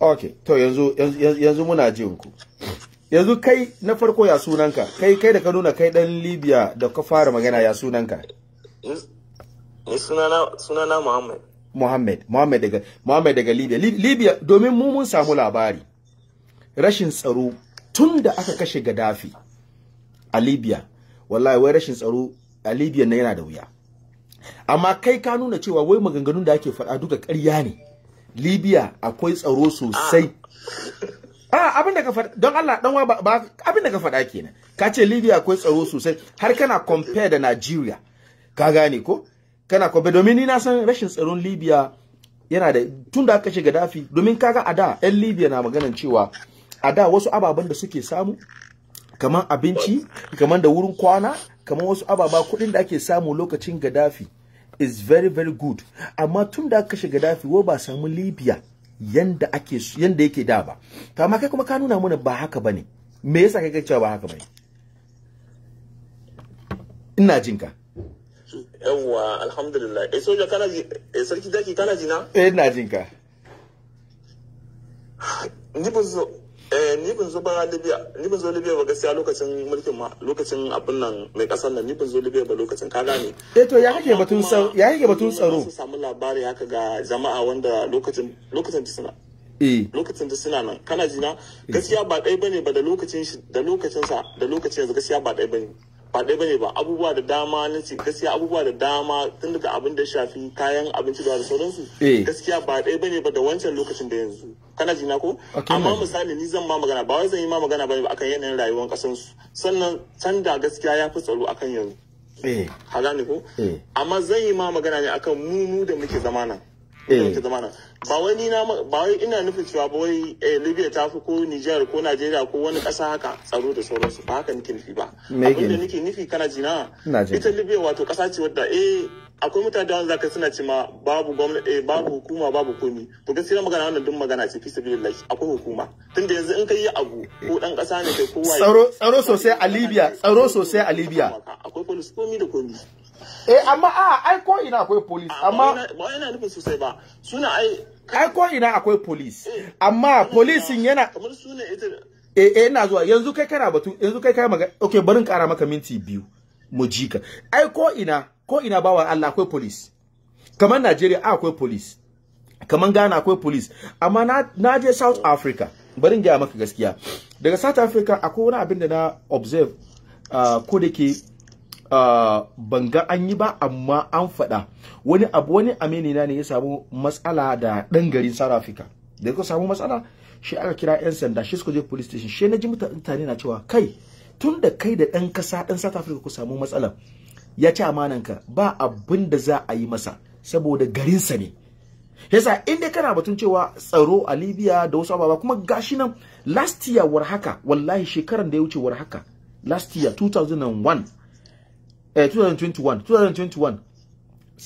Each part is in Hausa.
ok to yanzu yanzu muna jin ku yanzu kai na farko ya sunanka kai kai da ka nuna kai dan libya da ka fara magana ya sunanka ni sunana sunana muhammad muhammad muhammad daga muhammad daga libya libya domin mu mun samu labari rashin tsaro tun da aka kashe gaddafi a libya wallahi wai rashin tsaro a libya na yana da wuya amma kai ka nuna cewa wai maganganun da ake faɗa duka ƙarya ne libya akwai tsaro sosai ah. ah, abin da ka faɗa don Allah dan ba abin da ka faɗa kenan ka ce libya akwai tsaro sosai har kana compare da nigeria ka gane ko kana compare domin ni na san rashin tsaron libya yana da tun da aka shiga dafi domin kaga a da yan libya na maganan cewa a da wasu ababen da suke samu kamar abinci kamar da wurin kwana kamar wasu ababa kuɗin da ake samu lokacin gadafi. is very very good amma tun da aka shiga dafi ba samu libya yanda ake yanda yake da ba to amma kai kuma ka nuna mana ba haka bane me yasa kai cewa ba haka bane ina jin ka yawa alhamdulillah eh soja kana ji eh sarki daki kana ji na eh ina jin ka ni ba eh ni ban zo ba Libya ni ban zo Libya ba gaskiya lokacin mulkin ma lokacin abin nan mai kasar nan ni ban zo Libya ba lokacin ka gane eh to ya kake batun tsaro ya kake batun tsaro sun samu labari haka ga jama'a wanda lokacin lokacin da suna eh lokacin da suna nan kana jina eh. gaskiya ba dai bane ba da lokacin shi da lokacin sa da lokacin yanzu gaskiya ba dai bane ba dai bane ba abubuwa da dama na ce gaskiya abubuwa da dama tun daga abin da shafi kayan abinci da sauransu eh. gaskiya ba dai bane ba da wancan lokacin da yanzu kana ji na ko amma misali ni zan ma magana ba wai zan yi ma magana bane ba akan yanayin rayuwar kasan su sannan da gaskiya ya fi tsaro akan yanzu eh ka gane ko eh. amma zan yi ma magana ne akan mu da muke zamana eh. muke zamana ba wani na ba wai ina nufin cewa ba wai eh, Libya ta fi ko Niger ko Najeriya ko wani ƙasa haka tsaro da sauransu ba haka nake nufi ba abin da nake nufi kana jina ita Libya wato ƙasa ce wadda eh akwai mutane da wanda zaka suna ce ma babu gwamnati eh, babu hukuma babu komi to gaskiya magana wannan duk magana ce fi sabilillah akwai hukuma tunda yanzu in kai yi abu ko dan kasa ne kai kowa tsaro tsaro sosai a Libya tsaro sosai a Libya akwai police komi da komi eh amma a ah, ai ko ina akwai police amma ba yana nufin sosai ba suna ai ai ko ina akwai police eh, amma policing yana eh eh ina zuwa yanzu kai kana batu yanzu kai kai magana okay barin kara maka minti biyu mu ji ka ai ko ina ko ina bawa Allah akwai police kamar Najeriya ah, akwai police kamar Ghana akwai police amma na na je South Africa barin gaya maka gaskiya daga South Africa akwai wani abin da na observe ah, ko da ke Ah, ban ga an yi ba amma an faɗa wani abu wani na ne ya samu matsala da ɗan garin south africa da ya samu matsala shi aka kira 'yan sanda shi suka je police station shi na ji mutane na cewa kai tun da kai da ɗan kasa ɗan south africa ku samu matsala ya ci amananka ba abin da za a yi masa saboda garinsa ne yasa in dai kana batun cewa tsaro a libya da wasu ababa kuma gashi nan last year war haka wallahi shekaran da ya wuce war haka last year 2001 eh 2021 2021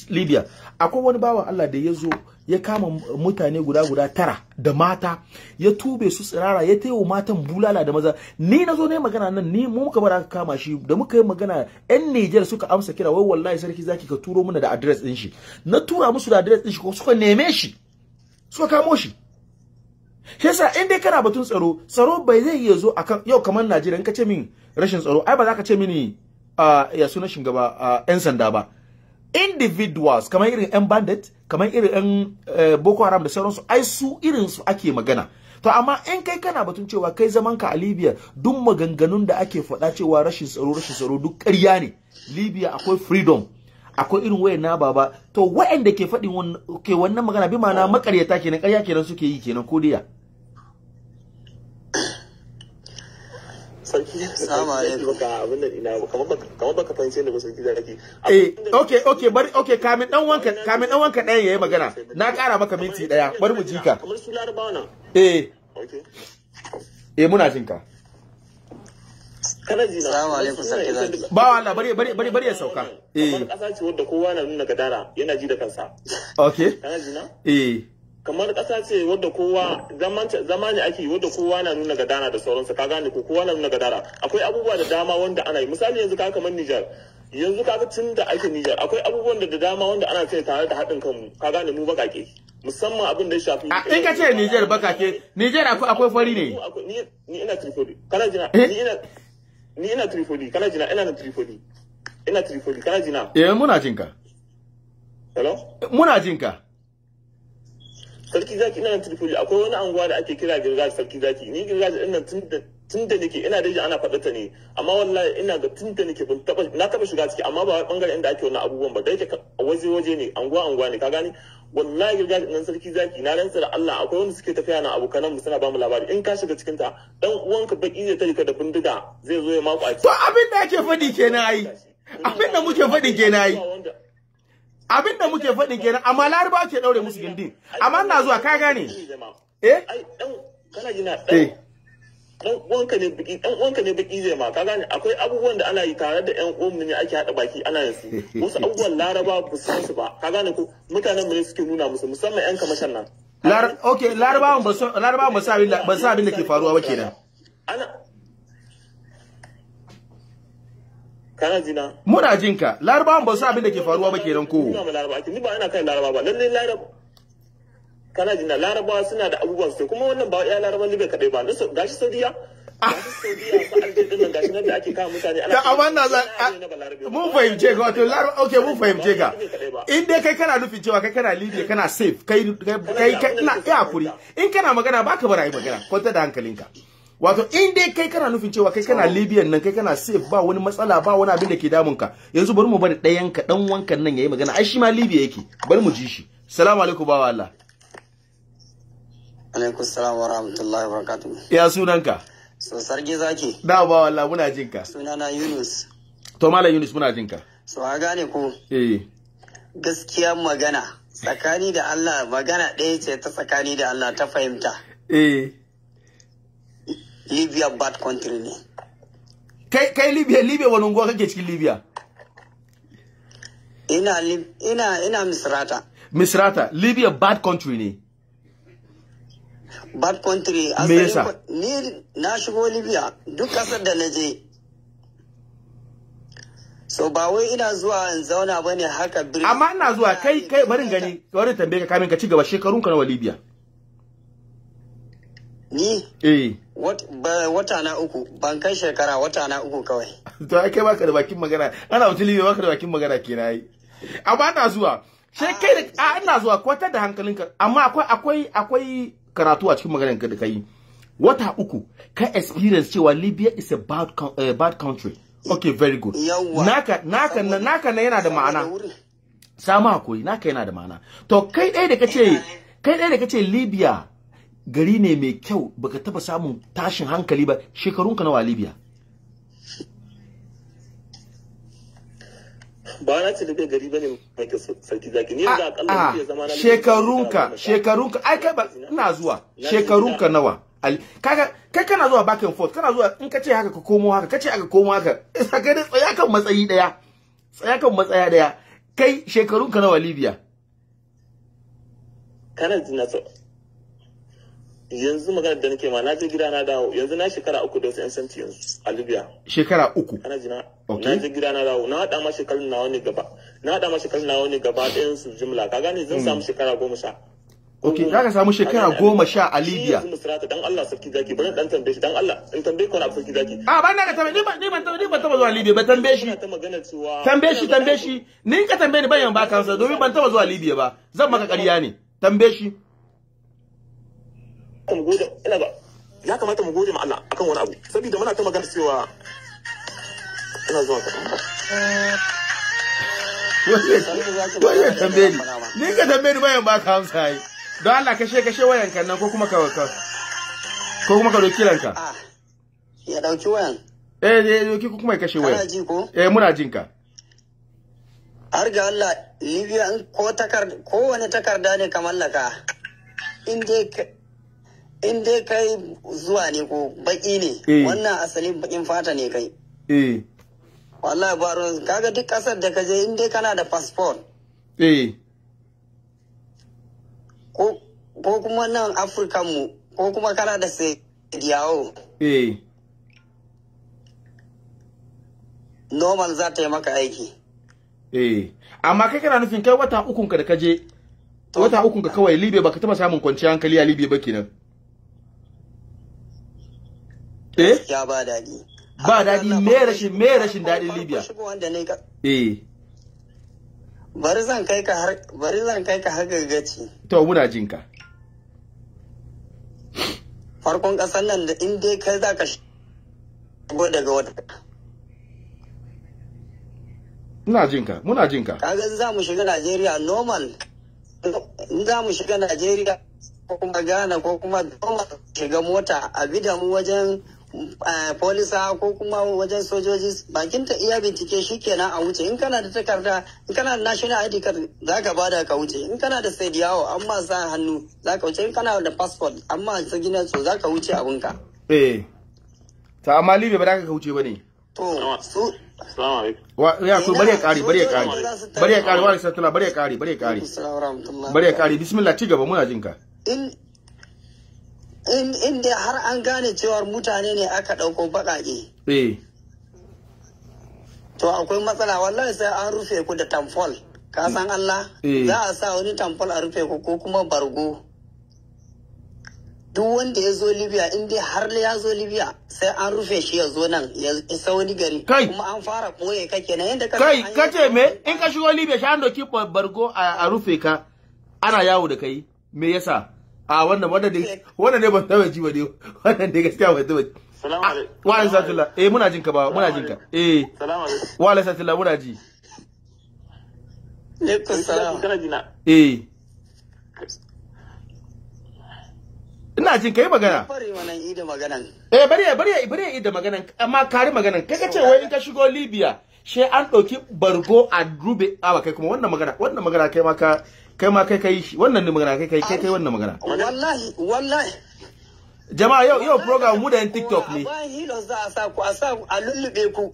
Libya akwai wani bawan Allah da ya zo ya kama mutane guda guda tara da mata ya tube su tsirara ya taiwo matan bulala da maza ni na zo na yi magana nan ni mu muka bar aka kama shi da muka yi magana yan Niger suka amsa kira wai wallahi sarki zaki ka turo muna da adres din shi na tura musu da address din shi ko suka neme shi suka kamo shi yasa in dai kana batun tsaro tsaro bai zai iya zo akan yau kamar Najeriya in ka ce min rashin tsaro ai ba za ka ce mini ya suna shugaba yan sanda ba individuals kamar irin yan bandit kamar irin yan e, boko haram da sauransu ai su irin su ake magana to amma in kai kana batun cewa kai zaman ka a Libya duk maganganun da ake faɗa cewa rashin tsaro rashin tsaro duk ƙarya ne Libya akwai freedom akwai irin wayan na baba to wayanda ke faɗin wannan magana bi ma'ana makaryata kenan ƙarya kenan suke yi kenan ko sarki salamu alaikum baka abin da ina kamar kamar baka sarki da eh okay okay bari okay kamin dan wanka kamin dan wanka yayi magana na kara maka minti daya bari mu jika kamar su larabawa na eh okay eh muna jin ka salamu alaikum sarki zaki ba Allah bari bari bari bari ya sauka eh kamar kasa ce wanda kowa na nuna gadara yana ji da kansa okay kana eh kamar ƙasa ce wadda kowa zama ne ake wadda kowa na nuna gadana da sauransu ka gane ko kowa na nuna gadara akwai abubuwa da dama wanda ana yi misali yanzu ka kamar Nijar yanzu ka tun da ake Nijar akwai abubuwan da dama wanda ana kai tare da haɗin kanmu ka gane mu bakake musamman abin da ya shafi in ka ce Nijar bakake Nijar akwai fari ne ni ina Tripoli kana jina eh? ni ina ni ina Tripoli kana jina ina na Tripoli ina Tripoli kana jina eh muna jinka hello muna jinka sarki zaki ina tripoli akwai wani anguwa da ake kira girgaji sarki zaki ni girgaji ina tun da nake ina da ana faɗa ta ne amma wallahi ina ga tun da nake na taba shiga ciki amma ba bangare inda ake wannan abubuwan ba da yake waje waje ne anguwa anguwa ne ka gani wallahi girgaji din nan sarki zaki na rantsa da Allah akwai wanda suke tafiya na abokan mu suna ba mu labari in ka shiga cikin ta dan uwanka baki zai tarika ka da bindiga zai zo ya mako a to abin da ake faɗi kenan ai abin da muke faɗi kenan ai abin da muke faɗin kenan amma laraba ke ɗaure musu gindin amma ina zuwa ka gane eh dan eh. ne biki dan ne biki zai ma ka gane akwai abubuwan da ana yi tare da yan uwan ne ake hada baki ana yin su wasu abubuwan laraba ba su su ba ka gane ko mutanen mu ne suke nuna musu musamman yan kamashan nan lar okay larabawan ba su ba su abin da ke faruwa ba kenan ana kana jina muna jinka larabawan ba su abin da ke faruwa ba kenan ko ni ba ana kai laraba ba lalle laraba kana na laraba suna da abubuwan su kuma wannan ba ya laraban libe kadai ba gashi saudiya ah. da amana za mun fahimce ka wato laro okay mun fahimce ka in dai kai kana nufin cewa kai kana libya kana safe kai kai kai ina iya kuri in kana magana baka bara yi magana kwanta da hankalinka wato inda kai kana nufin cewa kai kana libyan nan kai kana safe ba wani matsala ba wani abin da ke damun ka yanzu bari mu bari ɗayan ka dan wankan nan yayi magana ai shi ma libya yake bari mu ji shi assalamu alaikum bawa Allah alaikum salam wa rahmatullahi wa barakatuh ya sunanka so sarki zaki da ba wallahi muna jin ka sunana Yunus to malam Yunus muna jin ka so a gane ko eh gaskiya magana tsakani da Allah magana ɗaya ce ta tsakani da Allah ta fahimta eh libya bad country ne kai kai libya libya wani unguwa kake cikin libya ina ina ina misrata misrata libya bad country ne bad country me yasa ni na shigo libya duk kasar da na je so ba wai ina zuwa in zauna bane haka birni amma ina zuwa kai kai barin gani bari tambaye ka kamin ka ci gaba shekarun ka nawa libya ni eh wata na uku ban kai shekara wata na uku kawai to ai kai baka da bakin magana ana wata libe baka da bakin magana kenan ai amma ana zuwa sai kai da a ina zuwa kwatar da hankalinka amma akwai akwai akwai karatu a cikin maganar da kai wata uku ka experience cewa Libya is a bad uh, bad country okay very good naka naka naka na yana da ma'ana sama akwai naka yana da ma'ana to kai dai da kace kai dai da kace Libya gari ne mai kyau baka taba samun tashin hankali ba shekarunka nawa Libya ba na ce da gari bane mai sarki zaki ni da ah, akalla ah, zama na shekarunka shekarunka ai kai ba ina zuwa shekarunka nawa kaga kai kana zuwa back and forth kana zuwa in ka ce haka ka komo haka ka ce haka komo haka isa ga tsaya kan matsayi daya tsaya kan matsaya daya kai shekarunka nawa Libya kana jina so yanzu magana da nake ma na je gida na dawo yanzu na shekara uku da wasu yan santi yanzu a libya shekara uku ana jina na je gida na dawo na haɗa ma shekarun nawa ne gaba na haɗa ma shekarun nawa ne gaba ɗayan su jimla ka gane zan hmm. samu shekara goma sha Ok, za ka samu shekara goma sha a Libya. dan Allah sarki zaki, bari dan tambaye shi, dan Allah, in tambaye ko na sarki zaki. A ba na ka tambaye, ni ba ni ba ni ba taba zuwa Libya, ba tambaye shi. Tambaye shi, tambaye shi. Ni ka tambaye ni ban yan ba kansa, domin ban taba zuwa Libya ba. Zan maka ƙarya ne. Tambaye shi. kamata mu gode ina ba ya kamata mu gode ma Allah akan wani abu saboda muna ta magana cewa ina zuwa ka wani tambaye ni ni ka tambaye ni bayan baka hamsa yi don Allah kashe kashe wayan kan nan ko kuma ka ko kuma ka doki ranka ah, ya dauki wayan eh ya doki ko kuma ka kashe wayan eh muna jin ka har ga Allah Libya ko takar ko wani takarda ne ka mallaka in dai in dai kai zuwa ne ko baki ne eh. wannan asalin bakin fata ne kai eh wallahi baro kaga duk kasar da kaje in dai kana da passport eh ko ko kuma nan afirka mu ko kuma kana da sai yawo eh normal za ta yi maka aiki eh amma kai kana nufin kai wata ukun ka da kaje wata ukun ka kawai Libya baka taba samun kwanciyar hankali a Libya ba kenan eh ya ba daɗi ba daɗi me rashin me rashin daɗin libya eh bari zan kai ka har bari zan kai ka har gagaci to muna jin ka farkon ƙasar nan da in dai kai za ka shigo daga wata muna jin ka muna jin ka kaga za mu shiga Najeriya normal in za mu shiga Najeriya ko kuma Ghana ko kuma normal shiga mota a bidan wajen Eh, polisa ko kuma wajen sojoji bakin ta iya bincike shi kenan a wuce in kana da takarda in kana da national id card za ka bada ka wuce in kana da sai yawo amma sa hannu za ka wuce in kana da passport amma sa gina so za ka wuce ka eh ta amma libya ba za ka wuce ba ne. to su ya so bare kari bare kari ya kari wa alaihi salatu kari bare kari bare kari bismillah ci gaba muna jinka. in in dai har an gane cewar mutane ne aka ɗauko baƙaƙe. Eh. To akwai matsala wallahi sai an rufe ku da tamfol. Ka san Allah? Eh. Za a sa wani tamfol a rufe ku ko kuma bargo. Duk wanda ya zo Libya in dai har ya zo Libya sai an rufe shi ya zo nan ya isa wani gari. Kai! Kuma an fara ɓoye ka kenan yadda ka Kai! Kace me? In ka shigo Libya shi an doki bargo a rufe ka ana yawo da kai. Me yasa? a wannan wannan dai wannan dai ban taba ji ba dai wannan dai gaskiya ban taba ji salamu alaikum ah, wa alaikum salam eh, jin ka ba muna jin ka eh salamu alaikum wa alaikum salam ji ina jin kai magana bari wannan maganan eh bari bari bari ida maganan amma kare maganan kai ka ce wai in ka shigo Libya she an ɗauki bargo a rube awa kai kuma wannan magana wannan magana kai ma ka kai ma kai kai wannan ne magana kai kai kai kai wannan magana wallahi wallahi jama'a yau yau program mu da yan tiktok ne ba hilos za a sa ku a sa a lullube ku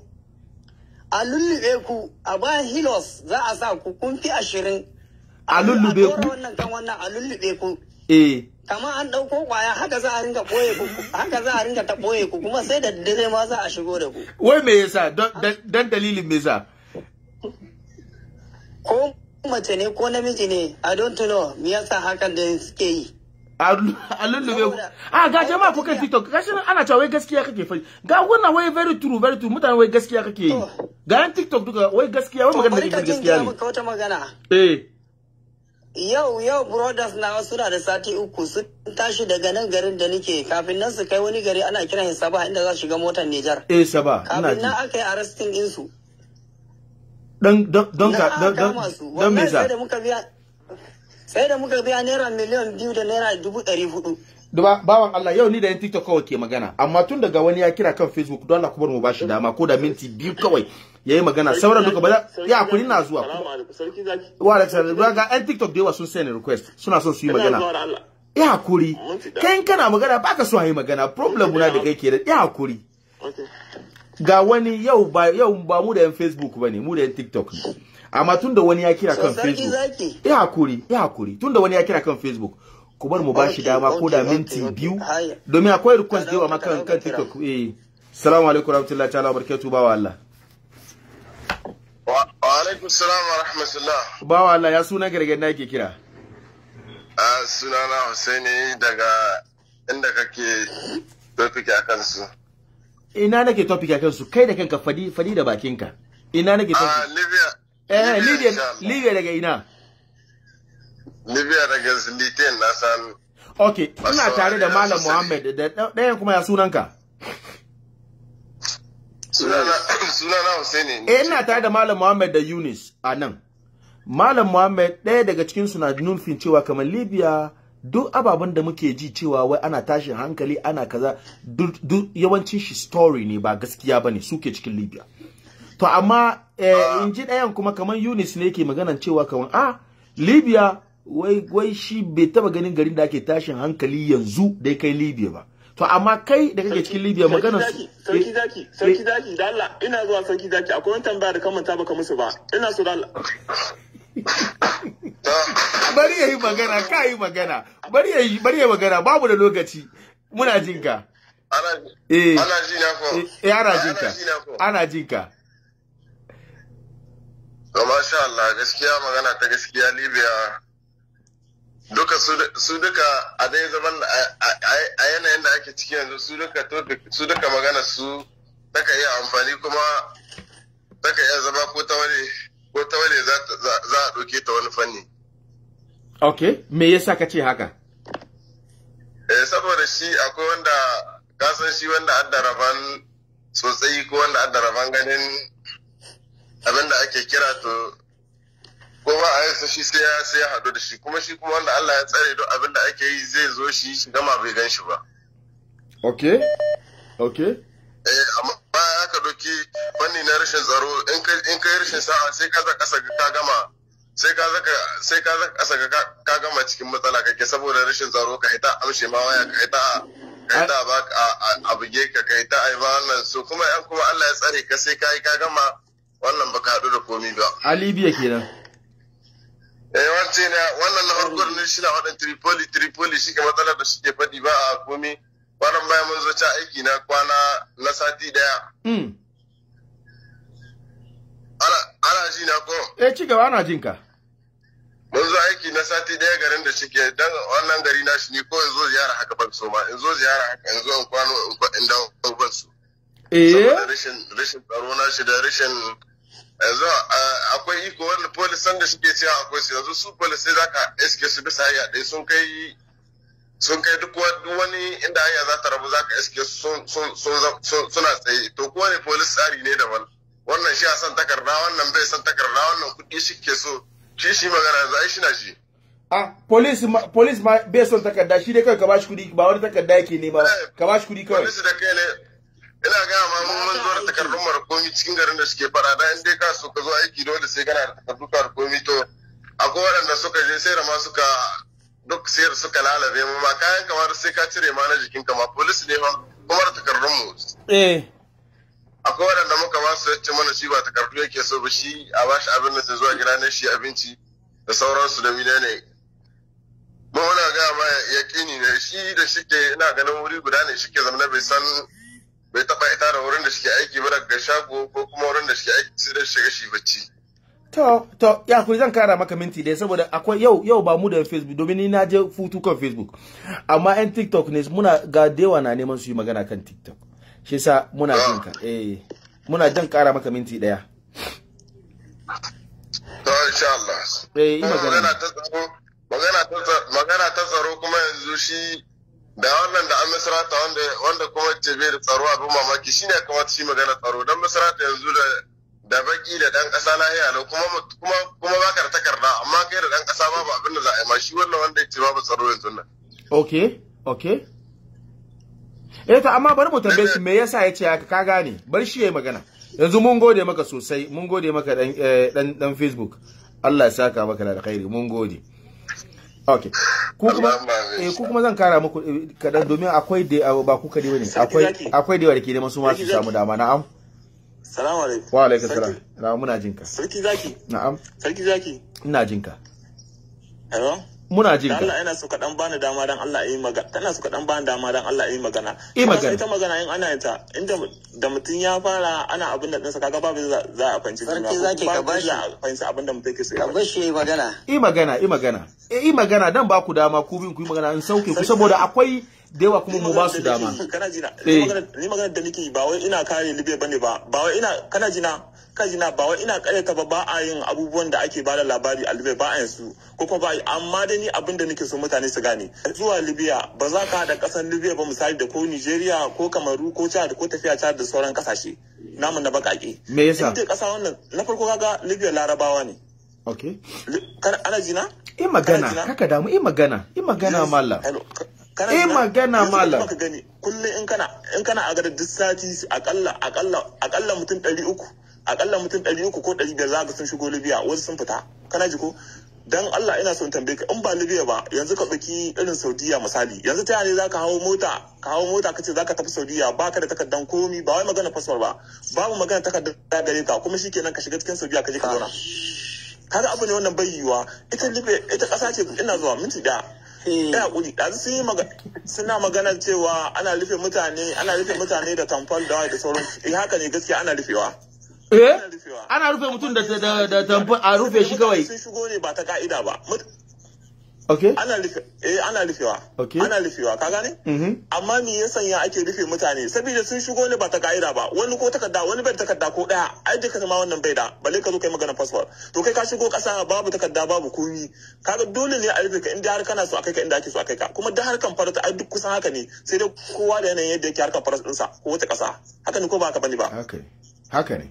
a lullube ku a ba hilos za a sa ku kun fi ashirin a lullube ku wannan kan wannan a lullube ku eh kama an dauko kwaya haka za a ringa boye ku haka za a ringa ta boye ku kuma sai da dare ma za a shigo da ku wai me yasa dan dalilin me yasa ko mace ne ko namiji ne i don't know me yasa hakan da suke yi a lullube a ga jama'a ko kai tiktok gashi nan ana cewa wai gaskiya kake fa ga wannan wai very true very true mutane wai gaskiya kake yi oh. ga yan tiktok duka wai gaskiya wai magana da gaskiya ne ka wata magana eh yau yau brothers na wasu na da sati uku sun tashi daga nan garin da nake kafin nan su kai wani gari ana kiran shi saba inda za su shiga motar Nijar eh saba kafin nan aka yi arresting din su don ka don me sa sai da muka biya naira miliyan biyu da naira dubu ɗari hudu duba bawan Allah yau ni da yan TikTok kawai ke magana amma tun daga wani ya kira kan Facebook don Allah ku bar mu bashi dama ko da minti biyu kawai yayi magana sauran duka ba ya kuri na zuwa wa alaikum ga yan TikTok da yawa sun send request suna son su yi magana ya hakuri kai kana magana baka so yi magana problem na da kai ke da ya hakuri ga wani yau ba yau ba mu da yan facebook bane mu da yan tiktok ne amma tunda wani ya kira kan facebook ya hakuri ya hakuri tunda wani ya kira kan facebook ku bar mu ba shi dama ko da minti biyu domin akwai request da yawa kan kan tiktok eh assalamu alaikum warahmatullahi ta'ala barakatuh b'a Allah wa alaikum assalam wa rahmatullah wa Allah ya suna gargaɗi na yake kira a ah, sunana Husaini daga inda kake tofike akan su ina nake topic akan su kai da kanka fadi fadi da bakinka ina nake ah, topic ah libya eh libya libya daga ina libya daga zinditen na san okay ina tare da malam muhammad da ɗayan kuma ya sunanka sunana sunana Hussein eh, ina tare da malam muhammad da Yunis a nan malam muhammad ɗaya daga cikin su na nufin cewa kamar libya duk ababen da muke ji cewa wai ana tashin hankali ana kaza duk yawancin shi story ne ba gaskiya bane suke cikin Libya to amma eh, in ji ɗayan kuma kamar Yunis ne yake magana cewa kawai ah Libya wai wai shi bai taba ganin garin da ake tashin hankali yanzu da kai Libya ba to amma kai da kake cikin Libya maganar su sarki eh, zaki sarki eh, zaki da Allah ina zuwa sarki zaki akwai wani tambaya da kan baka musu ba ina so da Allah bari yayi magana ka yi magana bari yayi bari yayi magana babu da lokaci muna jin ka eh. eh ana jin ka eh ana jin ka ana jin ka to masha Allah gaskiya magana ta gaskiya Libya duka su duka a dai zaman a yanayin da ake ciki yanzu su duka su duka magana su taka iya amfani kuma taka iya zama ko ta wani za a ɗauke ta wani fanni ok me yasa ka ce haka eh saboda shi akwai wanda kasan shi wanda adda rabon sosai ko wanda adda rabon ganin abin da ake kira to ko ba a yasa shi sai ya sai ya haɗu da shi kuma shi kuma wanda Allah ya tsare duk abin da ake yi zai zo shi shi gama bai gan shi ba ok ok eh amma ya ka doki fanni na rashin tsaro in ka yi rashin sa'a sai ka za ka gama sai ka zaka sai ka zaka asa ka gama cikin matsala kake saboda rashin tsaro ka ita amshe ma waya ka ita ka ita ba a buge ka ka ta ai ba wannan so kuma yan kuma Allah ya tsare ka sai ka yi ka gama wannan baka hadu da komi ba Alibiya kenan eh wanci ne wannan na farko ne shi na wadan Tripoli Tripoli shi ke matsalar da shi ke fadi ba a komai wannan bayan mun zo ta aiki na kwana na sati daya hmm. ana ana ji na ko eh ci gaba ana jin ka mun zo aiki na sati daya garin da shige dan wannan gari na shi ni ko in zo ziyara haka ban so ma in zo ziyara haka in zo in kwano in dawo ban so eh rashin rashin tsaro na shi da rashin yanzu akwai iko wani polisan da suke cewa akwai su yanzu su polisai za ka iske su bisa ya ɗaya sun kai sun kai duk wani inda hanya za ta rabu za ka iske su suna tsaye to kowane polis tsari ne daban wannan shi a san takarda wannan bai san takarda wannan kuɗi shi ke so shi shi magana za ai shi na shi a ah, police ma police ma bai son takarda shi dai kawai ka bashi kudi ba wani takarda yake nema ba eh, ka bashi kudi kawai police da kai ne ina ga ma mun mun zo da takardun markomi cikin garin da suke fara da inda ka so ka zo aiki dole sai kana da takardun markomi to akwai waɗanda suka je sai da ma suka duk sayar suka lalabe mu ma kayan kamar sai ka cire ma na jikinka ma police ne ma kuma takardun mu eh akwai waɗanda muka ba su yace mana shi ba takardu yake so ba shi a ba shi abin da zuwa gida na shi abinci da sauransu da mine ne mu muna ga ma kini ne shi da ke ina ganin wuri guda ne shi ke zama bai san bai taɓa ita da wurin da ke aiki ba daga shago ko kuma wurin da ke aiki sai da shiga shi bacci To, to, ya kuwa zan kara maka minti dai saboda akwai yau yau ba mu da Facebook domin ni na je futu kan Facebook. Amma 'yan TikTok ne muna ga dewa na neman su yi magana kan TikTok. shi sa muna ah. jin ka eh muna jin kara maka minti daya to ah, insha Allah eh ina magana ta tsaro magana ta tsaro magana ta tsaro kuma yanzu shi da wannan da an misrata wanda wanda kuma ce bai da tsaro abu mamaki shine kamata shi magana tsaro dan misrata yanzu da da baki da dan kasa lahiya ne kuma kuma kuma baka da takarda amma kai da dan kasa babu abin da za a yi ma shi wannan wanda ya ce babu tsaro yanzu nan okay okay eh amma bari mu tambaye shi me yasa yace haka ka gane bar shi yayi magana yanzu mun gode maka sosai mun gode maka dan eh, dan dan Facebook Allah ya saka maka da alkhairi mun gode okay ku kuma eh ku kuma zan kara muku eh, kadan domin akwai da ah, ba ku kade bane akwai akwai da warke da masu ma su samu dama na'am salamu alaikum wa alaikum salam na'am muna jinka sarki zaki na'am sarki zaki ina jinka hello muna jin ka Allah yana so ka dan bani dama dan Allah yi magana tana so ka dan bani dama dan Allah yi magana yi magana ita magana yin ana ta inda da mutun ya fara ana abin da dinsa kaga babu za a fanci sarki zaki ka bashi fanci abin da mutun yake so ka bashi yi magana yi magana yi magana eh magana dan ba ku dama ku bin ku yi magana in sauke ku saboda akwai da yawa kuma mu ba su dama eh. ni magana da nake ba wai ina kare libya bane ba ba wai ina kana jina kana jina ba wai ina ta ba ba a yin abubuwan da ake bada labari a libya ba a yin su ko kuma ba amma dai ni abin da nake so mutane su gane zuwa libya ba za ka haɗa ƙasar libya ba misali da ko nigeria ko kamaru ko chad ko tafiya chad da sauran ƙasashe namun na baƙaƙe me yasa ita ƙasa wannan na farko kaga libya larabawa ne okay ana jina i eh, magana kaka damu i eh, magana i magana mallam kana eh magana malam ka gani kullum in kana in kana a gada duk sati akalla akalla akalla mutum 300 akalla mutum 300 ko 500 zaka sun shigo Libya wasu sun fita kana ji ko dan Allah ina son tambaye ka in ba Libya ba yanzu ka tsaki irin Saudiya misali yanzu ta yaya zaka hawo mota ka hawo mota kace zaka tafi Saudiya baka da takardan komi ba wai magana fasfar ba babu magana takardar gare ka kuma shikenan ka shiga cikin Saudiya ka je ka zauna kaga abu ne wannan bai yiwuwa ita Libya ita kasa ce ina zuwa minti daya Eh. ya hakuri ɗazu sun yi suna magana cewa ana rufe mutane ana rufe mutane da tampon da da sauran eh haka ne gaskiya ana rufewa eh ana rufe mutum da da tamfol a rufe shi kawai sun shigo ne ba ta ka'ida ba Okay. Ana rufe eh, ana rufewa. Okay. Ana rufewa ka gane? Mm-hmm. Amma me ya sanya ake rufe mutane saboda sun shigo ne ba ta ka'ida ba wani ko takarda wani bai takarda ko daya ai duka ma wannan bai da balle ka zo kai magana passport to kai ka shigo kasa babu takarda babu komi kaga dole ne a rufe ka inda har kana so akai ka inda ake so akai ka kuma da harkan farata ai duk kusan haka ne sai dai kowa da yanayin yadda yake harkan faras sa ko wata kasa haka ne ko ba haka bane ba. Haka Haka ne.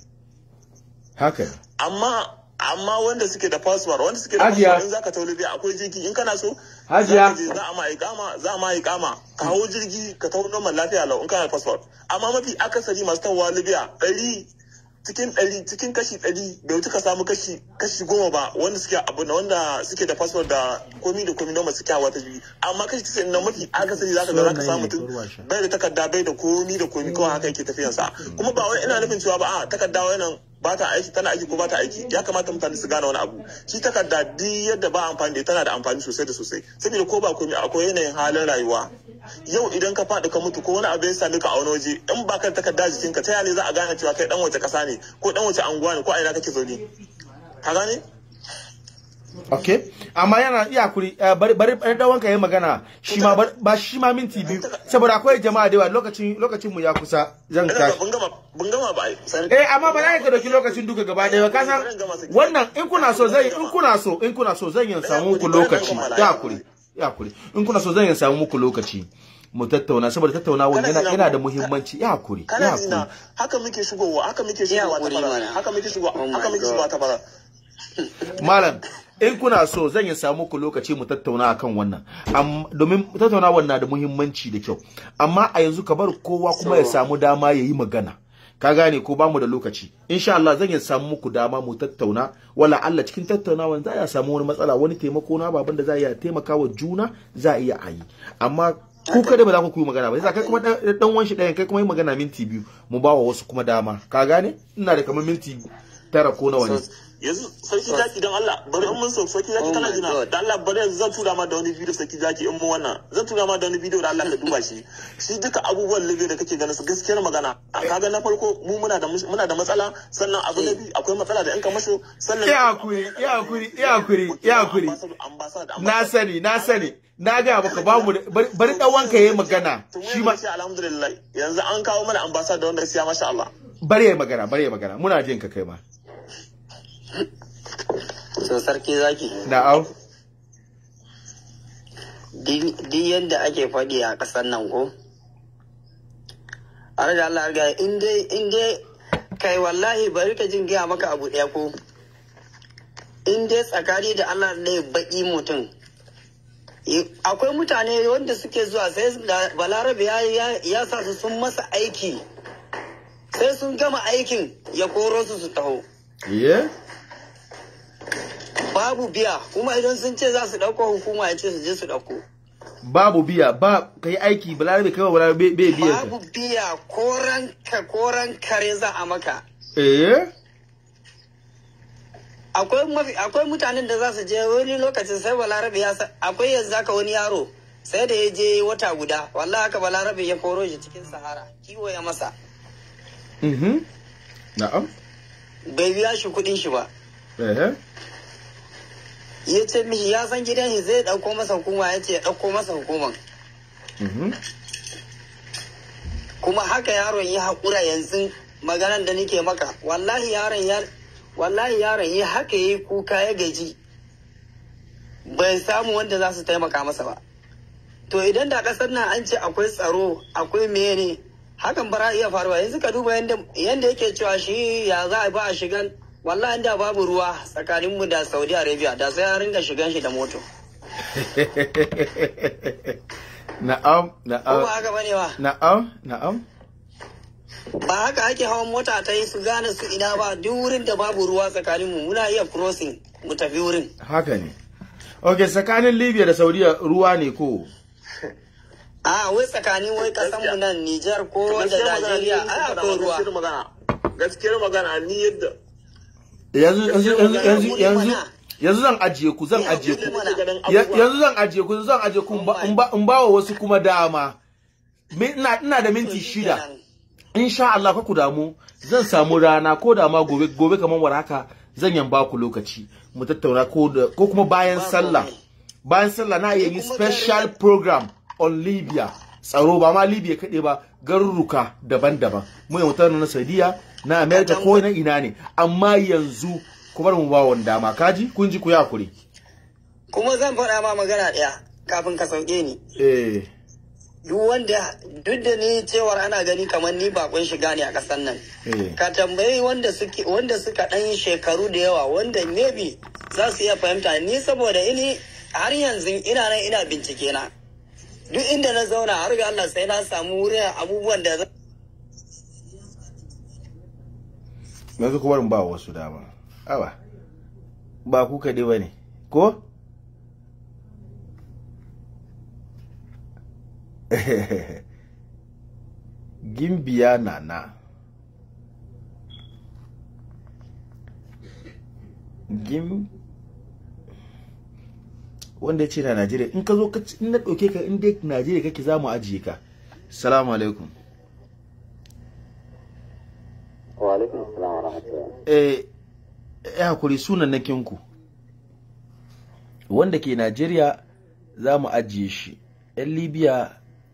Haka ne. Amma amma wanda suke da password wanda suke da password in zaka tauli akwai jirgi in kana so hajiya za a ma kama za a mai kama kawo jirgi ka tauli normal lafiya lau in kana password amma mafi akasari masu tawa libya ɗari cikin ɗari cikin kashi ɗari bai wuce ka samu kashi kashi goma ba wanda suke abu na wanda suke da password da komi da komi normal suke hawa ta jirgi amma kashi tisa'in na mafi akasari ka ga zaka samu tun bai da takarda bai da komi da komi kawai haka yake tafiyansa kuma ba wai ina nufin cewa ba a takarda wani. ba aiki tana aiki ko ba ta aiki ya kamata mutane su gane wani abu shi takarda duk yadda ba amfani da tana da amfani sosai da sosai saboda ko ba komai akwai yanayin halin rayuwa yau idan ka faɗi ka mutu ko wani abu ya same ka a wani waje in ba ka takarda jikinka ta yaya ne za a gane cewa kai dan wace ƙasa ne ko dan wace anguwa ne ko a ina kake zaune ka gane ok amma yana iya kuri eh, bari bari dan wanka yayi magana shi ma ba shi ma minti biyu saboda akwai jama'a da yawa lokacin lokacin mu ya kusa zan ka bun gama bun gama ba eh amma ba zai ka dauki lokacin duka gaba da ka san wannan in kuna so zai in kuna so in kuna so zan yin samu ku lokaci ya kuri ya kuri in kuna so zan yin samu muku lokaci mu tattauna saboda tattaunawa yana yana da muhimmanci ya kuri ya kuri haka muke shigowa haka muke shigowa ta fara haka muke shigowa oh haka muke shigowa ta bara malam in kuna so zan yi samu ku lokaci mu tattauna akan wannan domin tattauna wannan da muhimmanci da kyau amma a yanzu ka bar kowa kuma ya samu dama ya yi magana ka gane ko mu da lokaci insha Allah zan yi samu muku dama mu tattauna wala Allah cikin tattaunawan za a samu wani matsala wani taimako na baban da za a taimaka taimakawa juna za a iya ayi amma ku kada ba za ku yi magana ba sai kai kuma dan wanshi ɗayan kai kuma yi magana minti biyu mu ba wa wasu kuma dama ka gane ina da kamar minti tara ko nawa ne yanzu sarki zaki don Allah bari in mun so sarki zaki oh kana jina da Allah bari yanzu zan tura ma da wani bidiyo sarki zaki in mun wannan zan tura ma da wani bidiyo da Allah ka duba shi shi duka abubuwan libe da kake ganin su gaskiyar magana kaga na farko mu muna da muna da matsala sannan abu na eh. biyu akwai matsala da in ka maso sannan ya hakuri ya hakuri ya hakuri ya hakuri na sani na sani na ga baka ba mu bari dan wanka yayi magana shi ma alhamdulillah yanzu an kawo mana ambassador wanda siya masha Allah bari yayi magana bari yayi magana muna jin ka kai ma so sarki zaki au. Din yadda ake faɗi a ƙasar nan ko a da Allah ga in dai kai wallahi bari ka jin gaya maka abu ɗaya ko in dai tsakari da Allah ne baƙi mutum akwai mutane wanda suke zuwa sai balarabe ya sa su sun masa aiki sai sun gama aikin ya koro su su taho babu biya kuma idan sun ce za su ɗauko hukuma ya ce su je su ɗauko babu biya ba ka yi aiki balarabe kai wa balarabe bai biya babu biya koranka koran kare za a maka eh akwai mafi akwai mutanen da za su je wani lokacin sai balarabe ya akwai yanzu haka wani yaro sai da ya je wata guda wallahi haka balarabe ya koro shi cikin sahara kiwo ya masa mhm na'am bai biya shi kudin shi ba eh ya ce mishi ya san gidan shi zai ɗauko masa hukuma ya ce ya ɗauko masa hukuman mhm. kuma haka yaron ya haƙura yanzu maganan da nake maka wallahi yaron ya wallahi ya haka yi kuka ya gaji bai samu wanda za su taimaka masa ba to idan da ƙasar nan an ce akwai tsaro akwai mene hakan bara iya faruwa yanzu ka duba yadda yake cewa shi ya za a ba a shigan wallahi da babu ruwa tsakaninmu da saudi arabia da sai an ringa shigan shi da moto na'am na'am ba haka bane ba na'am na'am ba haka ake hawan mota ta yi su gane su ina ba duk wurin da babu ruwa tsakaninmu muna iya crossing mu tafi wurin haka ne ok tsakanin libya da saudiya ruwa ne ko a ah, wai tsakanin wai kasanmu nan nijar ko da najeriya a akwai ruwa gaskiyar magana ni yadda yanzu yanzu zan ajiye ku zan ajiye ku oh yanzu zan ajiye ku zan ajiye ku in ba wa wasu kuma dama ina da minti shida insha Allah ka ku damu zan samu rana ko da ma gobe kamar haka zan yan ba ku lokaci mu tattauna ko kuma bayan sallah bayan sallah na iya yi special program on Libya tsaro ba ma Libya kaɗai ba garuruka daban-daban mu yi mutanen na Saudiya na america ko na ina ne amma yanzu ku bar mu ba wanda dama kaji kun ji ku ya kure kuma zan faɗa ma magana ɗaya kafin ka sauke ni eh duk wanda duk da ni cewar ana gani kamar ni bakon shiga ne a ƙasar nan eh. ka tambayi wanda suke wanda suka ɗan shekaru da yawa wanda maybe za su iya fahimta ni saboda ini har yanzu ina nan ina bincike na duk inda na zauna har ga Allah sai na samu wurin abubuwan da yanzu kuma ba wasu dama awa ba ku kaɗe ba ne ko gimbiya nana gim wanda ya ce na najeriya in ka zo in na ɗauke ka in dai najeriya kake za mu ajiye ka salamu alaikum Eh, eh hakuri sunan na kinku wanda ke Najeriya za mu ajiye shi yan Libya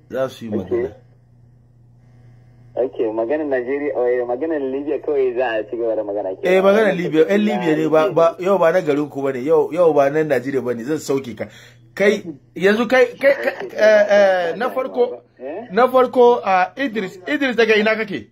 za su yi magana Ok, maganin Najeriya, oye, eh, maganar Libya kawai za a ci gaba da magana ke. Eh, maganin Libya, ƴan Libya ne ba yau ba na garin ku bane, yau yau ba nan Najeriya bane, zan sauke ka. Kai yanzu kai kai na farko na ah, farko a Idris, Idris daga ina kake?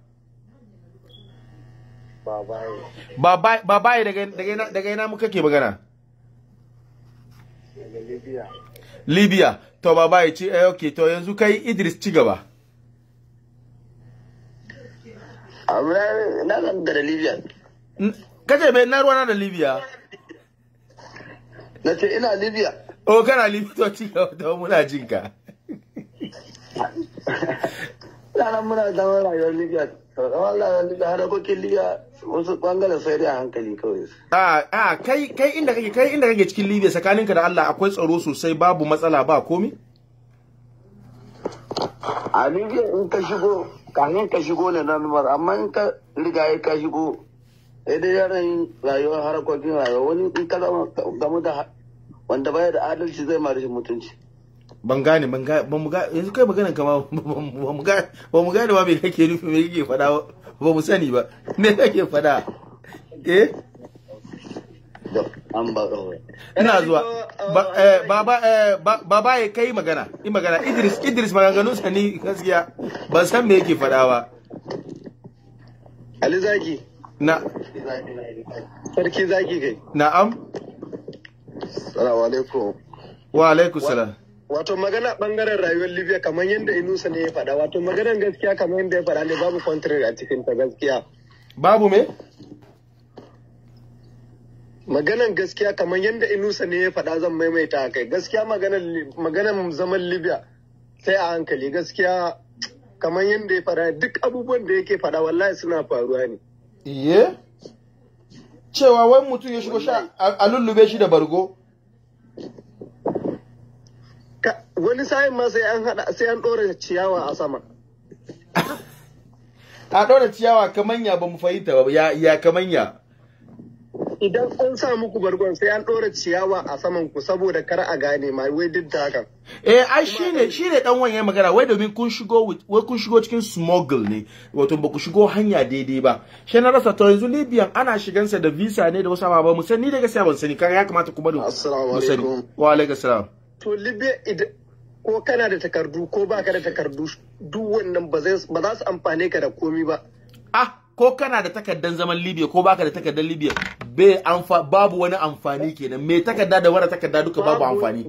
babaye babaye daga ina muka ke magana daga libya libya to babaye ce eh okay to yanzu kai idris ci gaba na zan da libya kace bai na ruwa da libya na ce ina libya o oh, kana libya to ci gaba to muna jinka ranar muna zama rayuwar libya zaman rayuwar libya harakokin libya wasu bangaren sai dai a hankali kawai a a kai kai inda kake kai inda kake cikin libya ka da allah akwai tsaro sosai babu matsala ba komi a libya in ka shigo kanin ka shigo ne na numar amma in ka riga ka shigo sai dai yanayin rayuwar harakokin rayuwa wani in ka zama da wanda baya da adalci zai mara shi mutunci ban gane ban gane ban ga yanzu kai maganan kama ba mu gane ba mu gane ba me kake nufi me kake fada ba mu sani ba me kake fada eh ina zuwa uh, eh, eh, baba ya kai magana i magana idris idris maganganun sa ni gaskiya ban san me yake fada ba ali zaki na sarki zaki kai na'am salamu alaikum wa alaikum salam Wato magana bangaren rayuwar Libya kamar yadda Inusa ne ya faɗa, wato maganar gaskiya kamar yadda ya faɗa ne babu contrary a cikin ta gaskiya. Babu me? Maganan gaskiya kamar yadda Inusa ne ya faɗa zan maimaita a kai. Gaskiya maganar zaman Libya sai a hankali gaskiya kamar yadda ya faɗa duk abubuwan da yake faɗa wallahi suna faruwa ne. Iye? Cewa wai mutum ya shigo sha a lullube shi da bargo. wani sayin ma sai an hada sai an dora ciyawa a sama a dora ciyawa kamanya ba mu fahimta ba ya ya kamanya idan an sa muku bargon sai an dora ciyawa a saman ku saboda kar a gane ma wai duk da haka eh ai shine shine dan wani yayin magana wai domin kun shigo wai kun shigo cikin smuggle ne wato ba ku shigo hanya daidai ba shi na rasa to yanzu Libyan ana shigansa da visa ne da wasu ba mu sani daga sai ban sani kaga ya kamata ku bari assalamu alaikum wa alaikum assalam to libya ko kana da takardu ko baka da takardu duk wannan ba za su amfane ka da komi ba ah ko kana da takardan zaman libya ko baka da takardan libya be amfa babu wani amfani kenan me takarda da wara takarda duka babu amfani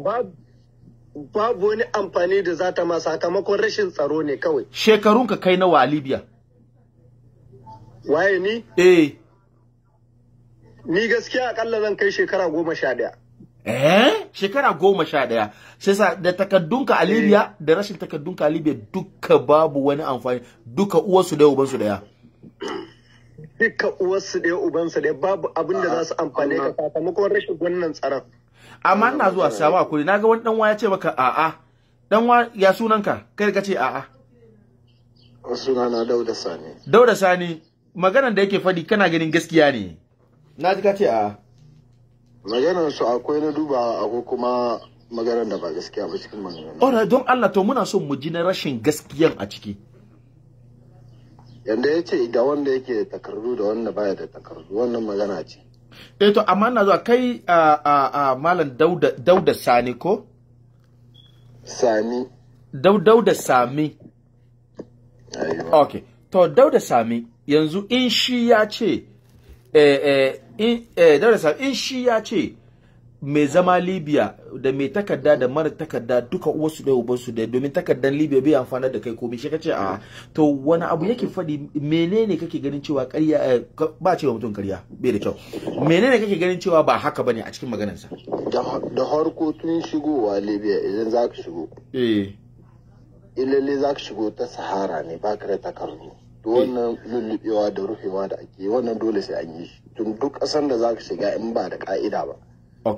babu wani amfani da za ta ma sakamakon rashin tsaro ne kawai shekarun ka kai nawa a libya waye ni eh ni gaskiya akalla zan kai shekara goma sha daya eh shekara goma sha ɗaya sai da takaddunka a libya eh. da rashin takaddunka a libya duka babu wani amfani duka uwarsu ɗaya ubansu ɗaya duka uwarsu ɗaya ubansu ɗaya babu abin da za su amfani da sakamakon rashin wannan tsaron amma ina zuwa kuri na naga wani dan ya ce maka a'a dan wa ya sunanka kai ka ce a'a sunana dauda sani dauda sani maganan da yake faɗi kana ganin gaskiya ne na ji ka ce a'a maganar su akwai na duba ko kuma maganar da ba gaskiya ba cikin maganar ora don Allah to muna so mu ji na rashin gaskiyan a ciki yanda yace da wanda yake da takardu da wanda baya da takardu wannan magana ce eh to amma na zuwa kai a a a malam Dauda Dauda Sani ko sani. Dau Dauda Sami Okay to Dauda Sami yanzu in shi ya ce eh eh in eh darasa in shi ya ce mai zama Libya da mai takarda da mara takarda duka uwarsu da ubansu da domin takardar Libya bai amfana da kai komai shi kace a to wani abu yake fadi menene kake ganin cewa ƙarya eh, ba ce wa mutum ƙarya bai da kyau menene kake ganin cewa ba haka bane a cikin maganarsa da harko tun shigowa Libya idan za ka shigo eh ilalle za ka shigo ta Sahara ne ba ka da takardu to wannan lullubewa da rufewa da ake wannan dole sai an yi shi tun duk ƙasar da za ka shiga in ba da ka'ida ba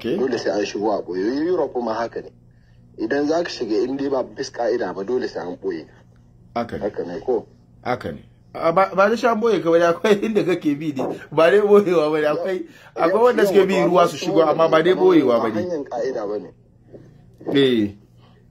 dole sai an shigo a ɓoye europe ma haka ne idan za ka shiga in dai ba bis ka'ida ba dole sai an ɓoye haka ne ko haka ne ba da shan boye kawai akwai inda kake bi ne ba dai boyewa ba ne akwai akwai wanda suke bi ruwa su shigo amma ba dai boyewa ba ne hanyar ka'ida ba ne eh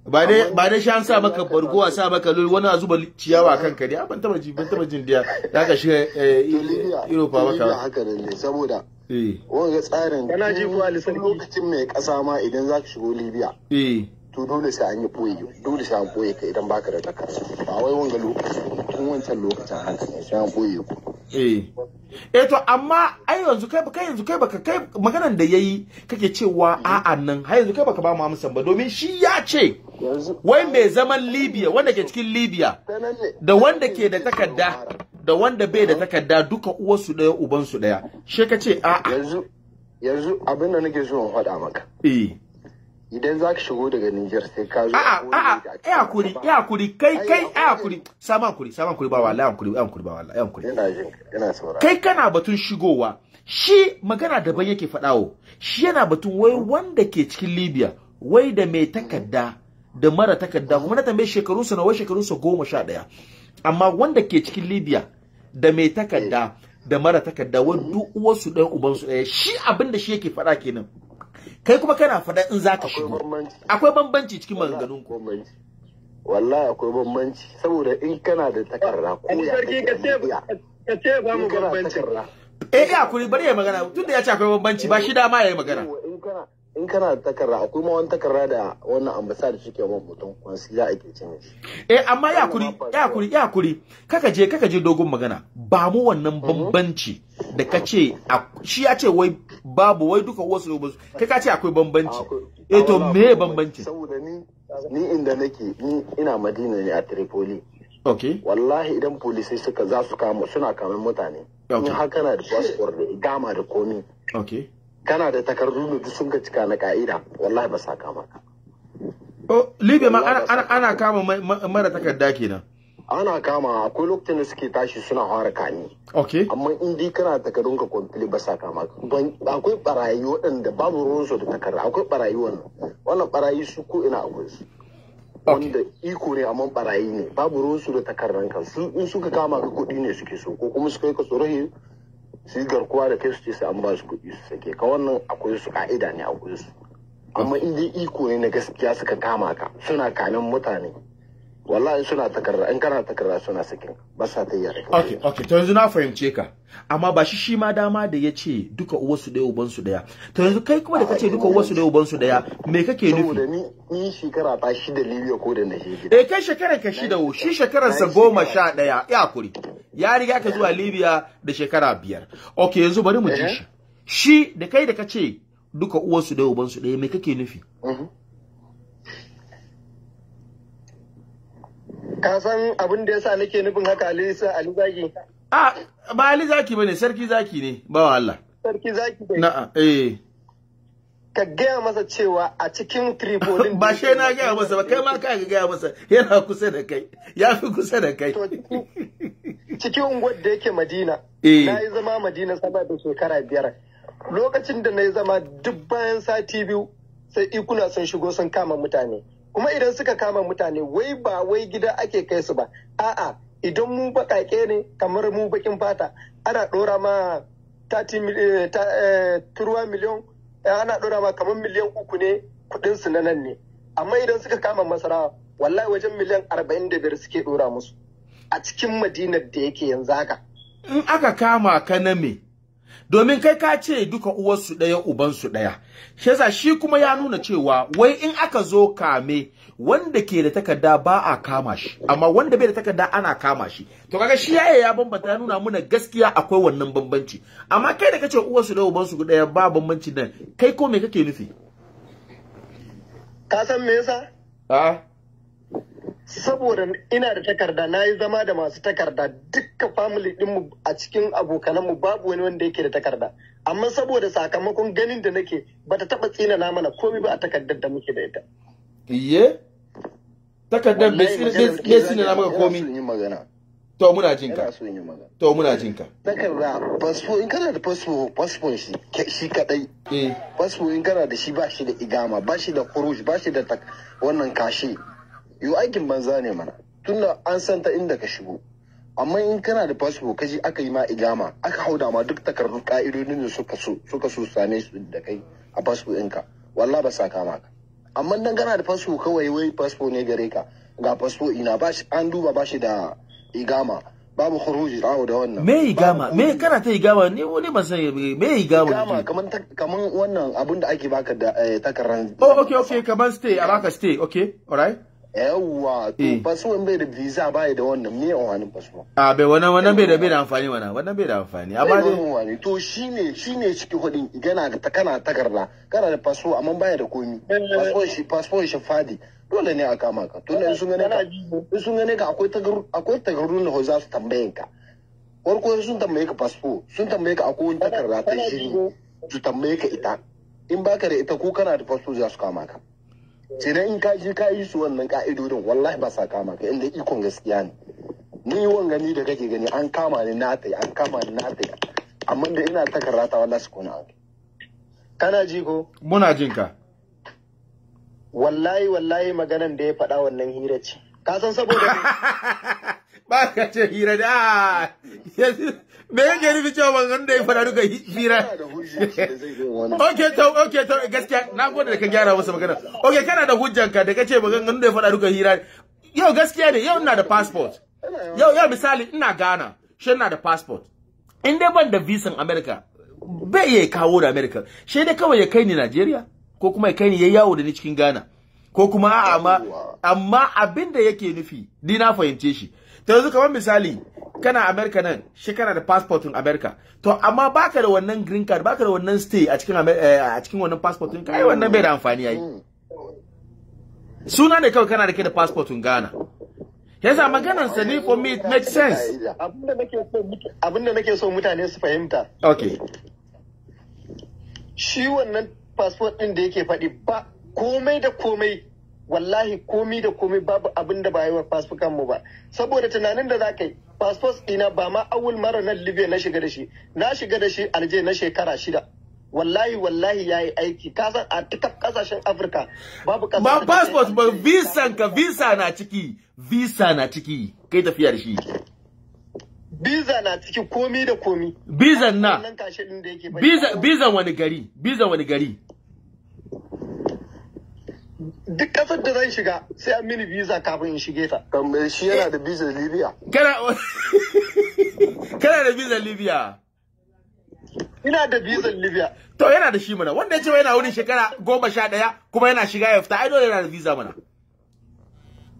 ba dai ba dai shan sa maka bargo a sa maka lul wani a zuba ciyawa kan ka dai ah, ban taba ji ban taba jin da zaka shiga eh, eh, Europe maka haka ne saboda eh wanga tsarin kana ji ko alisan lokacin mai kasa ma idan zaka shigo Libya eh to dole sai an yi boye dole sai an boye ka idan baka da takarda ba wai wanga lokacin tun wancan lokacin haka ne sai an boye ku eh eh to amma ai yanzu kai baka yanzu kai baka kai maganar da yayi kake cewa a'a nan har yanzu kai baka ba mu amsa ba domin shi ya ce wai mai zaman libya wanda ke cikin libya da wanda ke da takarda da wanda bai da takarda duka uwarsu daya ubansu daya she ka ce a'a yanzu yanzu abin da nake zuwa in faɗa maka eh idan za ka shigo daga Nijar sai ka zo a'a a'a ya hakuri ya hakuri kai kai ya hakuri sama hakuri sama hakuri ba wallahi hakuri ya hakuri ba wallahi ya hakuri ina jin ina saurara kai kana batun shigowa shi magana daban yake faɗawo shi yana batun wai wanda ke cikin Libya wai da mai takarda da mara takarda kuma na tambaye shekarun su nawa shekarun su goma sha daya amma wanda ke cikin libya da mai takarda da mara takarda wani duk dan uban su daya shi abin da shi yake faɗa kenan kai kuma kana faɗa in za ka shigo akwai bambanci cikin maganganun ku wallahi akwai bambanci saboda in kana da takarda ko ya ka ce ba mu bambanci eh eh akuri bari ya magana tunda ya ce akwai bambanci ba shi dama ma yi magana in kana da takarda akwai ma wani takarda da wannan ambassador shi ke mutum a ke cin shi. eh amma ya kuri ya kuri ya kuri kaka je kaka je dogon magana ba mu wannan mhm. bambanci da ka ce shi ya ce wai babu wai duka wasu ba kai ka ce akwai bambanci eh to me bambanci saboda ni ni inda nake ni ina Madina ne a Tripoli okay wallahi idan polisai suka za su kama suna kamar mutane Ni haka na da passport da igama da komi okay kana da takardu da sun ka cika na ka'ida wallahi ba sa kama. O, oh, libya ma ana kama mara takarda kenan ana kama akwai lokacin da suke tashi suna fara kani okay amma in dai kana takardun ka complete ba sa kama. akwai barayi waɗanda babu ruwan su da takarda akwai barayi wannan wannan barayi su ko ina akwai su wanda iko ne amma barayi ne babu ruwan su da takardun kan su in suka kama ka kuɗi ne suke so ko kuma suka yi ka tsoro su yi da kai su ce su an ba su kuɗi su sake ka wannan akwai su ka'ida ne akwai su amma in iko ne na gaskiya suka kama ka suna kamen mutane wallahi suna takarda in kana takarda suna sakin ba sa ta yi okay okay to yanzu na fahimce ka amma ba shi shi ma dama da ya ce duka uwarsu uban su daya to yanzu kai kuma da kace duka uwarsu uban su daya me kake nufi saboda ni ni shekara ta shi da Libya ko da na eh kai shekaran ka shi da shi shekarar sa goma sha daya ya kuri ya riga ka zuwa Libya da shekara biyar okay yanzu bari mu ji eh? shi shi da kai da kace duka uwarsu uban su daya me kake nufi mhm. ka san abin da yasa nake nufin haka alisa sa Ali zaki a ba Ali zaki bane sarki zaki ne ba wa Allah sarki zaki ne na'a eh ka gaya masa cewa a cikin tribolin ba shi na gaya masa ba kai ma ka ga gaya masa yana kusa da kai ya fi kusa da kai cikin unguwar da yake madina eh. na yi zama madina sama da shekara biyar lokacin da na yi zama duk bayan sati biyu sai ikuna sun shigo sun kama mutane kuma idan suka kama mutane wai ba wai gida ake kai su ba a'a idan mu baƙaƙe ne kamar mu baƙin fata ana ɗora ma turuwa miliyan eh, eh, eh, ana ɗora ma kamar miliyan uku ne kuɗin su na nan ne amma idan suka kama masarawa wallahi wajen miliyan arba'in da biyar suke ɗora musu a cikin madinar da yake yanzu haka in aka kama ka na me domin kai ka ce duka uwarsu daya ubansu ɗaya shesa shi kuma ya nuna cewa wai in aka zo kame wanda ke da takarda ba a kama shi amma wanda bai da takarda ana kama shi to kaga shi yaya ya bambanta ya nuna mana gaskiya akwai wannan bambanci amma kai da kace uwarsu ɗaya ubansu ɗaya ba bambanci nan kai ko me kake nufi ka san me yasa a'a ah. saboda ina da takarda na yi zama da masu takarda dukka family dinmu a cikin abokananmu babu wani wanda yake da takarda amma saboda sakamakon ganin da nake ta taba tsinana mana komai ba a takardar da muke da ita iye takardar bai na maka komai to muna jin ka to muna jin ka takarda fasfo in kana da fasfo fasfo shi shi kadai fasfo eh. in kana da shi ba shi da igama ba shi da kuruj ba shi da wannan kashi yiwu aikin banza ne mana tunda an san ta inda ka shigo amma in kana da fasfo ka aka yi ma igama aka da ma duk takardun ka'idodin da suka so suka so same su da kai a fasfo ɗinka walla ba sa kama ka amma dan kana da fasfo kawai wai fasfo ne gare ka ga fasfo ina ba shi an duba ba shi da igama babu khuruji rawo da wannan me igama me kana ta igama ne wani ba sai me igama igama kaman kaman wannan abin da ake baka da eh, takarran oh okay okay kaman stay alaka stay okay alright yawwa to fasfon eh. bai da visa bai da wannan me amfanin fasfon a ah, bai wannan wannan bai da bai da amfani wannan wannan bai da amfani a amma dai to shine shine ciki hudin gana ta kana takarda kana da fasfo amma bai da komi fasfon shi fasfon shi fadi dole ne a kama ka to in sun gane ka in sun gane ka akwai tagaru akwai tagaru da za su tambaye ka farko sun tambaye ka fasfo sun tambaye ka akwai wani takarda ta shiri su tambaye ka ita in baka da ita ko kana da fasfo za su kama ka dai in ka je ka yi su wannan ka'idodin wallahi ba sa kama ka inda ikon gaskiya ne ni wan gani da kake gani an kama ni na tsaye an kama ni na tsaye amma da ina ta karata wallahi su kona kana ji ko muna jin ka wallahi wallahi maganan da ya faɗa wannan hira ce ka san saboda ba ka ce hira da ah, me yake nufi cewa maganganun da ya faɗa duka hira ok to ok to gaskiya na gode da ka gyara masa magana ok kana da hujjanka da ka ce maganganun da ya faɗa duka hira yau gaskiya ne yau ina da passport yau yau misali ina Ghana shi ina da passport in dai ban da visan America bai yi kawo da America shi dai kawai ya kai ni Nigeria ko kuma ya kai ni ya yawo da ni cikin Ghana ko kuma a'a amma abin da yake nufi ni fahimce shi ta yanzu kamar misali kana America nan shi kana da passport in America to amma baka da wannan green card baka da wannan stay a cikin eh, a cikin wannan passport ka kai wannan bai da amfani yayi suna ne kawai kana da kai da passport in Ghana yasa maganar sa ne for me it makes sense abinda nake so abinda nake so mutane su fahimta okay shi wannan passport din da yake faɗi ba komai da komai wallahi komi da komi babu abin da ba wa fasfukan mu ba saboda tunanin da za ka yi fasfos dina ba ma awul mara nan libya na shiga da shi na shiga da shi alje na shekara shida wallahi wallahi ya yi aiki ka san a duka kasashen afirka babu kasa ba fasfos ba visa ka visa na ciki visa na ciki kai tafiya da shi visa na ciki komi da komi visa na bizan wani gari bizan wani gari duk kasar da zan shiga sai an mini visa kafin in shige ta kamar shi yana da visa libya kana kana da visa libya ina da visa libya to yana da shi mana wanda ya ce yana wurin shekara goma sha ɗaya kuma yana shiga ya fita ai dole yana da visa mana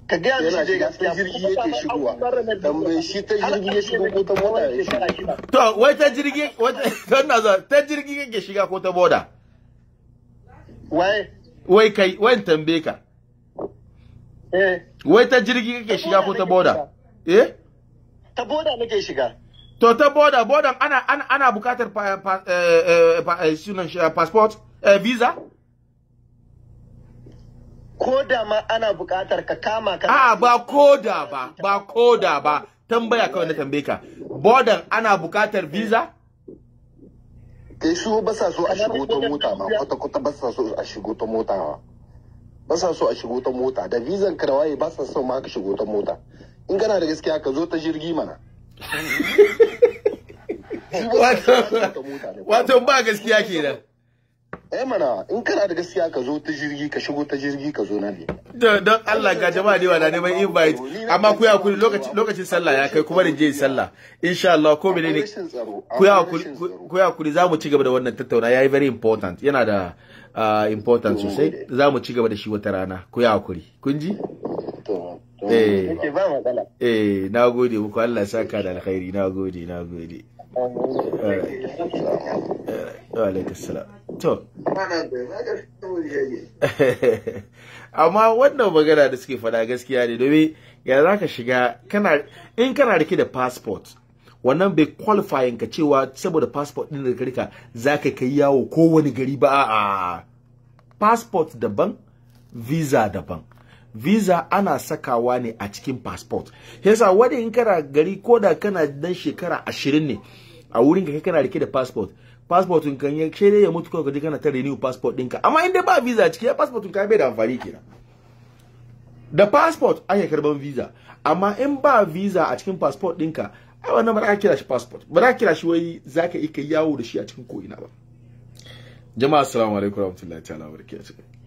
ka ga yana shiga jirgi yake shigowa dan bai shi ta jirgi ya shigo ko ta mota ya shiga to wai ta jirgi wai ta jirgi yake shiga ko ta boda wai wai kai wai tambaye ka eh wai ta jirgi kake shiga ko ta boda eh ta boda nake shiga to ta boda bodan ana ana, ana bukatar pa, pa, eh, eh pa, eh, sunan eh, passport eh, visa ko da ma ana bukatar ka kama ka a ba ko da ba ba ko da ba tambaya kawai na tambaye ka bodan ana bukatar visa ke su ba sa so a shigo ta mota ma kwata kwata ba sa so a shigo ta mota ma ba sa so a shigo ta mota da vizan karwaye ba sa so ma ka shigo ta mota in kana da gaskiya ka zo ta jirgi mana wato ba gaskiya kenan eh mana in kana da gaskiya ka zo ta jirgi ka shigo ta jirgi ka zo nan ne. don Allah ga jama'a da wala neman invite amma ku ya kuri lokacin sallah ya kai kuma da je sallah insha Allah ko menene ku ya kuri ku ya kuri ci gaba da wannan tattauna yayi very important yana da ah, important sosai eh. mu ci gaba da shi wata rana ku ya kuri kun ji Eh, eh, na gode muku Allah saka da alkhairi, na gode, na gode. Eh, amma wannan magana da suke faɗa gaskiya ne domin ya za ka shiga in kana rike da passport wannan bai qualifying ka cewa saboda passport ɗin da ka rika za ka kai yawo ko wani gari ba a passport daban visa daban visa ana sakawa ne a cikin passport yasa wanda in kana gari ko da kana dan shekara ashirin ne a wurin kai kana rike da passport passport in kan ya shede ya mutu kawai kana ta renew passport ɗinka amma in dai ba visa ciki ya passport ka bai da amfani kenan da passport ake karban visa amma in ba visa a cikin passport ɗinka ai wannan ba za ka kira shi passport ba za ka kira shi wai za ka iya yawo da shi a cikin ko ba jama'a assalamu alaikum warahmatullahi ta'ala barakatuh